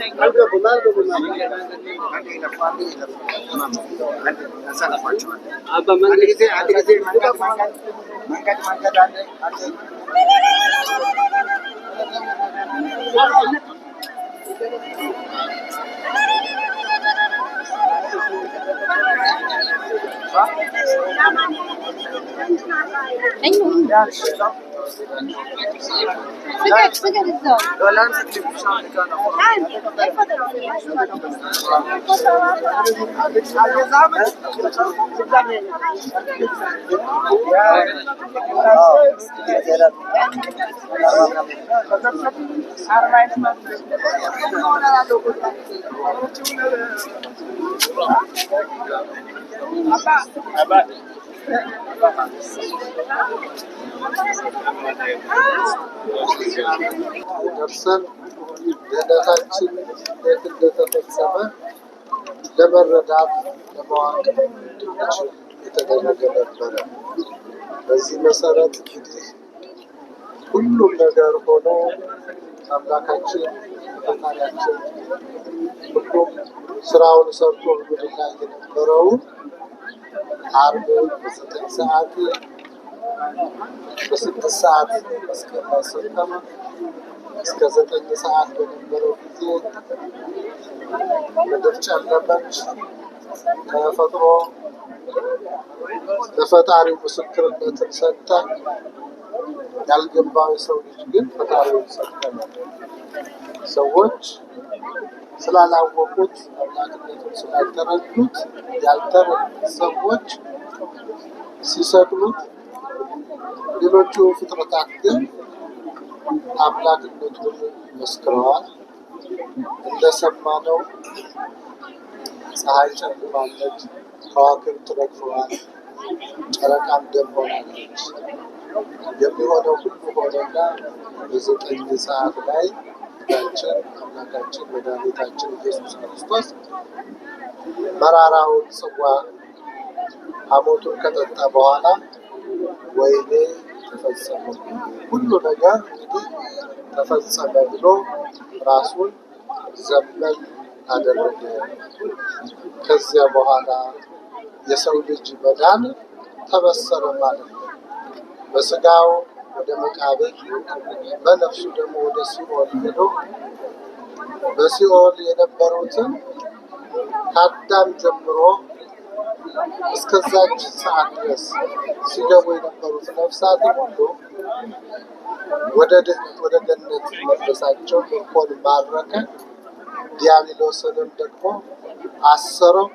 Algo algo Anh muốn سجل سجل الزوج ولا امسك عادي تفضل ደርሰን ድህነታችን እንዴት እንደተፈጸመ ለመረዳት ለማወቅ እንድንችል የተደረገ ነበረ። በዚህ መሰረት እንግዲህ ሁሉም ነገር ሆኖ አምላካችን ፈጣሪያችን ሁሉም ስራውን ሰርቶ እንግዲህ የነበረውን አርብ በዘጠኝ ሰዓት በስድስት ሰዓት እስከማሰጠም እስከ ዘጠኝ ሰዓት በነበረው ጊዜ ምድር ጨለመች። ተፈጥሮ ለፈጣሪው ምስክርነትን ሰጠ። ያልገባው የሰው ልጅ ግን ፈጣሪውን ሰጠ። ሰዎች ስላላወቁት አምላክነቱን ስላልተረዱት ያልተረ ሰዎች ሲሰቅሉት፣ ሌሎቹ ፍጥረታት ግን አምላክነቱን መስክረዋል። እንደሰማነው ፀሐይ ጨልማለች፣ ከዋክብት ረግፈዋል፣ ጨረቃም ደም ሆናለች። የሚሆነው ሁሉ ሆነና በዘጠኝ ሰዓት ላይ ጌታችን አምላካችን መድኃኒታችን ኢየሱስ ክርስቶስ መራራውን ጽዋ ሐሞቱን ከጠጣ በኋላ ወይኔ ተፈጸመ፣ ሁሉ ነገር እንግዲህ ተፈጸመ ብሎ ራሱን ዘመን አደረገ። ከዚያ በኋላ የሰው ልጅ መዳን ተበሰረ ማለት ነው። በስጋው ወደ መቃብር በነፍሱ ደግሞ ወደ ሲኦል ሄዶ በሲኦል የነበሩትን ከአዳም ጀምሮ እስከዛች ሰዓት ድረስ ሲገቡ የነበሩት ነፍሳት ሁሉ ወደ ድህነት ወደ ገነት መለሳቸው። ምርኮን ባረከ፣ ዲያብሎስንም ደግሞ አሰረው።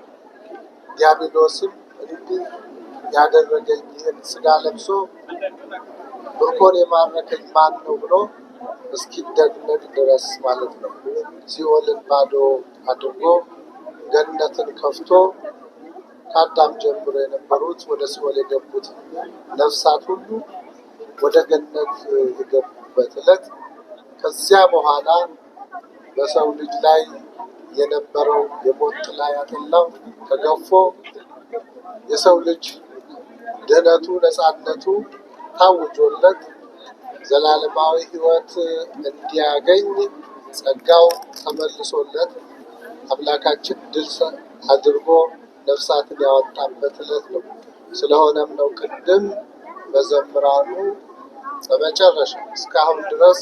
ዲያብሎስም እንዲህ ያደረገኝ ይህን ስጋ ለብሶ ምርኮን የማረከኝ ማን ነው ብሎ እስኪደነቅ ድረስ ማለት ነው። ሲኦልን ባዶ አድርጎ ገነትን ከፍቶ ከአዳም ጀምሮ የነበሩት ወደ ሲኦል የገቡት ነፍሳት ሁሉ ወደ ገነት የገቡበት ዕለት ከዚያ በኋላ በሰው ልጅ ላይ የነበረው የሞት ጥላ ያጠላው ተገፎ የሰው ልጅ ድህነቱ ነፃነቱ ታውጆለት ዘላለማዊ ሕይወት እንዲያገኝ ጸጋው ተመልሶለት አምላካችን ድል አድርጎ ነፍሳትን ያወጣበት ዕለት ነው። ስለሆነም ነው ቅድም መዘምራኑ በመጨረሻ እስካሁን ድረስ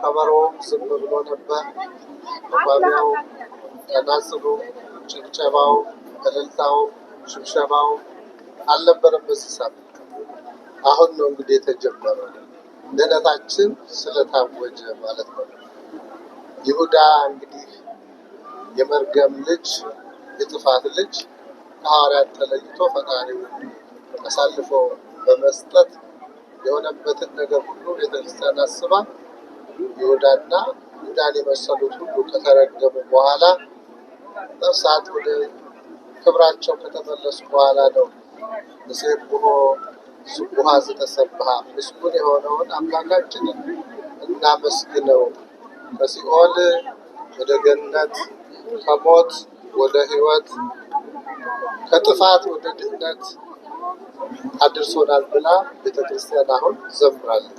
ከበሮውም ዝም ብሎ ነበር። መቋሚያው፣ ተናጽሉ፣ ጭብጨባው፣ እልልታው፣ ሽብሸባው አልነበረም በዚህ አሁን ነው እንግዲህ የተጀመረው ድነታችን ስለታወጀ ማለት ነው። ይሁዳ እንግዲህ የመርገም ልጅ የጥፋት ልጅ ከሐዋርያት ተለይቶ ፈጣሪው አሳልፎ በመስጠት የሆነበትን ነገር ሁሉ ቤተክርስቲያን አስባ ይሁዳና ይሁዳን የመሰሉት ሁሉ ከተረገሙ በኋላ ነፍሳት ወደ ክብራቸው ከተመለሱ በኋላ ነው ሴ ሆኖ ስቡሃ ዘተሰብሐ ምስጉን የሆነውን አምላካችንን እናመስግነው። ከሲኦል ወደ ገነት፣ ከሞት ወደ ህይወት፣ ከጥፋት ወደ ድህነት አድርሶናል ብላ ቤተ ክርስቲያን አሁን ዘምራለች።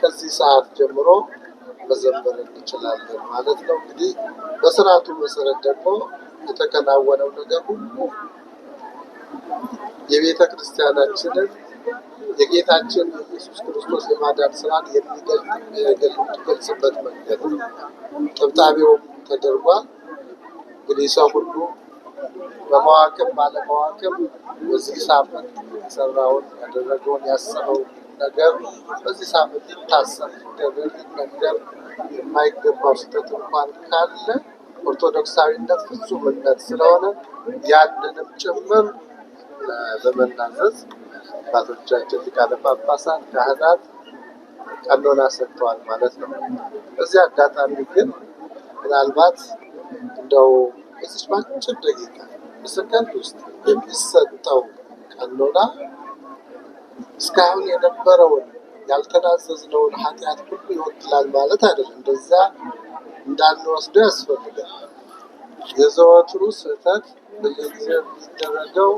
ከዚህ ሰዓት ጀምሮ መዘመር እንችላለን ማለት ነው። እንግዲህ በስርዓቱ መሰረት ደግሞ የተከናወነው ነገር ሁሉ የቤተ ክርስቲያናችንን የጌታችን ኢየሱስ ክርስቶስ የማዳን ስራን የሚገልጽበት መንገድ ነው። ጥብጣቤውም ተደርጓል። እንግዲህ ሰው ሁሉ በማዋቅም ባለማዋቅም በዚህ ሳምንት የሰራውን ያደረገውን ያሰበው ነገር በዚህ ሳምንት ይታሰብ ይደረግ ይነገር። የማይገባው ስህተት እንኳን ካለ ኦርቶዶክሳዊነት ፍጹምነት ስለሆነ ያንንም ጭምር በመናዘዝ አባቶቻችን ሊቃነ ጳጳሳት፣ ካህናት ቀኖና ሰጥተዋል ማለት ነው። በዚህ አጋጣሚ ግን ምናልባት እንደው በዚች ባጭር ደቂቃ በሰከንድ ውስጥ የሚሰጠው ቀኖና እስካሁን የነበረውን ያልተናዘዝነውን ኃጢአት ሁሉ ይወክላል ማለት አይደለም። እንደዚያ እንዳንወስደው ያስፈልጋል። የዘወትሩ ስህተት በየጊዜው የሚደረገው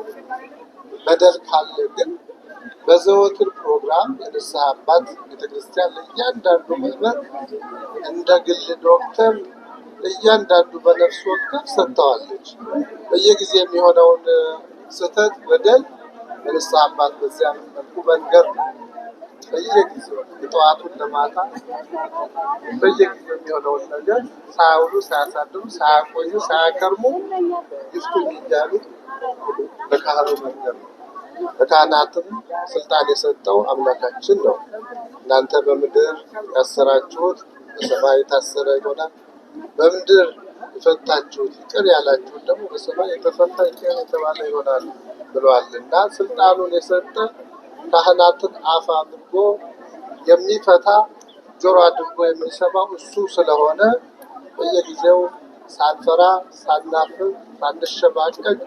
በደል ካለ ግን በዘወትር ፕሮግራም የንስሐ አባት ቤተክርስቲያን ለእያንዳንዱ ምዕመን እንደ ግል ዶክተር እያንዳንዱ በነፍስ ወከፍ ሰጥተዋለች። በየጊዜ የሚሆነውን ስህተት፣ በደል በንስሐ አባት በዚያ መልኩ መንገር ነው። በየጊዜው የጠዋቱን ለማታ በየጊዜው የሚሆነውን ነገር ሳያውሉ ሳያሳድሩ ሳያቆዩ ሳያከርሙ ይፍቱኝ እያሉ በካህሉ መንገር ነው። ለካህናትም ስልጣን የሰጠው አምላካችን ነው። እናንተ በምድር ያሰራችሁት በሰማይ የታሰረ ይሆናል፣ በምድር የፈታችሁት ይቅር ያላችሁት ደግሞ በሰማይ የተፈታ ይቅር የተባለ ይሆናል ብለዋል እና ስልጣኑን የሰጠ ካህናትን አፍ አድርጎ የሚፈታ ጆሮ አድርጎ የምንሰማው እሱ ስለሆነ በየጊዜው ሳንፈራ ሳናፍር ሳንሸማቀቅ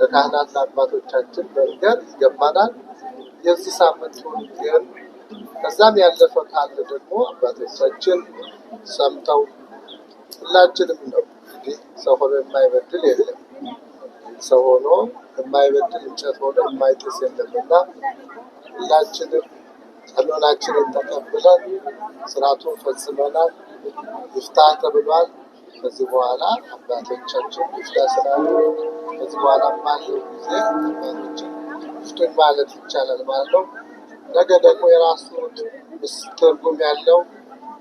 ለካህናት አባቶቻችን በእርገር ይገባናል። የዚህ ሳምንቱን ግን ከዛም ያለፈ ካለ ደግሞ አባቶቻችን ሰምተው ሁላችንም ነው እንግዲህ ሰው ሆኖ የማይበድል የለም። ሰው ሆኖ የማይበድል እንጨት ሆኖ የማይጥስ የለም እና ሁላችንም ጸሎናችንን ተቀብለን ስርዓቱን ፈጽመናል። ይፍታ ተብሏል። ከዚህ በኋላ አባቶቻቸው ውስጥ ስላሉ ከዚህ በኋላ ባለው ጊዜ አባቶች ውስጡን ማለት ይቻላል ማለት ነው። ነገ ደግሞ የራሱ ትርጉም ያለው